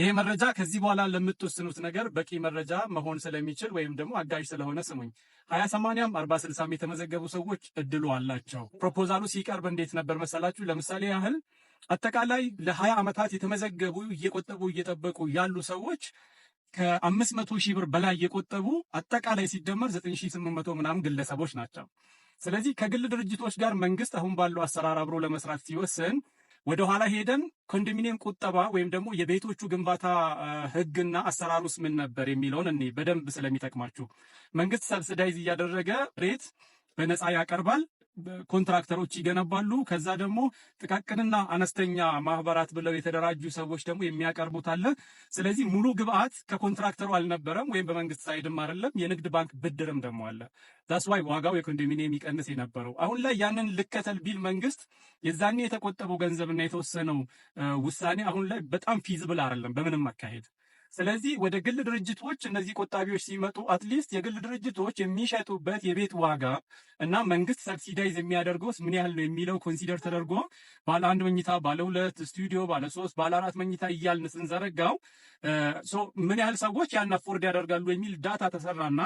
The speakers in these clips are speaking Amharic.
ይሄ መረጃ ከዚህ በኋላ ለምትወስኑት ነገር በቂ መረጃ መሆን ስለሚችል ወይም ደግሞ አጋዥ ስለሆነ ስሙኝ። ሀያ ሰማንያም አርባ ስልሳም የተመዘገቡ ሰዎች እድሉ አላቸው። ፕሮፖዛሉ ሲቀርብ እንዴት ነበር መሰላችሁ? ለምሳሌ ያህል አጠቃላይ ለሀያ ዓመታት የተመዘገቡ እየቆጠቡ እየጠበቁ ያሉ ሰዎች ከአምስት መቶ ሺህ ብር በላይ እየቆጠቡ አጠቃላይ ሲደመር ዘጠኝ ሺህ ስምንት መቶ ምናምን ግለሰቦች ናቸው። ስለዚህ ከግል ድርጅቶች ጋር መንግስት አሁን ባለው አሰራር አብሮ ለመስራት ሲወስን ወደኋላ ሄደን ኮንዶሚኒየም ቁጠባ ወይም ደግሞ የቤቶቹ ግንባታ ህግና አሰራሩስ ምን ነበር የሚለውን እኔ በደንብ ስለሚጠቅማችሁ መንግስት ሰብስዳይዝ እያደረገ ሬት በነፃ ያቀርባል። ኮንትራክተሮች ይገነባሉ። ከዛ ደግሞ ጥቃቅንና አነስተኛ ማህበራት ብለው የተደራጁ ሰዎች ደግሞ የሚያቀርቡት አለ። ስለዚህ ሙሉ ግብአት ከኮንትራክተሩ አልነበረም፣ ወይም በመንግስት ሳይድም አይደለም። የንግድ ባንክ ብድርም ደግሞ አለ። ዛስ ዋይ ዋጋው የኮንዶሚኒየም ይቀንስ የነበረው አሁን ላይ ያንን ልከተል ቢል መንግስት የዛኔ የተቆጠበው ገንዘብና የተወሰነው ውሳኔ አሁን ላይ በጣም ፊዝብል አይደለም በምንም አካሄድ ስለዚህ ወደ ግል ድርጅቶች እነዚህ ቆጣቢዎች ሲመጡ አትሊስት የግል ድርጅቶች የሚሸጡበት የቤት ዋጋ እና መንግስት ሰብሲዳይዝ የሚያደርገው ምን ያህል ነው የሚለው ኮንሲደር ተደርጎ ባለ አንድ መኝታ፣ ባለ ሁለት ስቱዲዮ፣ ባለ ሶስት፣ ባለ አራት መኝታ እያልን ስንዘረጋው ምን ያህል ሰዎች ያን አፎርድ ያደርጋሉ የሚል ዳታ ተሰራና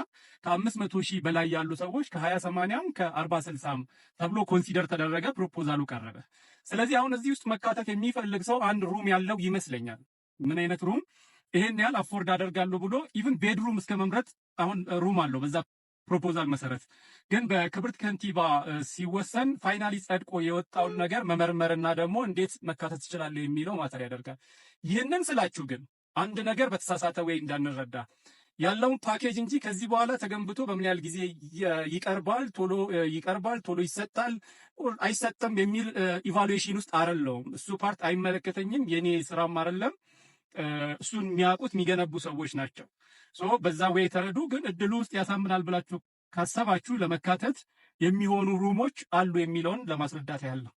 ከአምስት መቶ ሺህ በላይ ያሉ ሰዎች ከሀያ ሰማንያም ከአርባ ስልሳም ተብሎ ኮንሲደር ተደረገ፣ ፕሮፖዛሉ ቀረበ። ስለዚህ አሁን እዚህ ውስጥ መካተት የሚፈልግ ሰው አንድ ሩም ያለው ይመስለኛል። ምን አይነት ሩም ይሄን ያህል አፎርድ አደርጋለሁ ብሎ ኢቭን ቤድሩም እስከ መምረጥ አሁን ሩም አለው በዛ ፕሮፖዛል መሰረት ግን በክብርት ከንቲባ ሲወሰን ፋይናሊ ጸድቆ የወጣውን ነገር መመርመርና ደግሞ እንዴት መካተት ትችላለህ የሚለው ማተር ያደርጋል። ይህንን ስላችሁ ግን አንድ ነገር በተሳሳተ ወይ እንዳንረዳ ያለውን ፓኬጅ እንጂ ከዚህ በኋላ ተገንብቶ በምን ያህል ጊዜ ይቀርባል፣ ቶሎ ይቀርባል፣ ቶሎ ይሰጣል፣ አይሰጥም የሚል ኢቫሉዌሽን ውስጥ አረለውም እሱ ፓርት አይመለከተኝም፣ የኔ ስራም አይደለም። እሱን የሚያውቁት የሚገነቡ ሰዎች ናቸው። በዛ ወይ የተረዱ ግን እድሉ ውስጥ ያሳምናል ብላችሁ ካሰባችሁ ለመካተት የሚሆኑ ሩሞች አሉ የሚለውን ለማስረዳት ያህል ነው።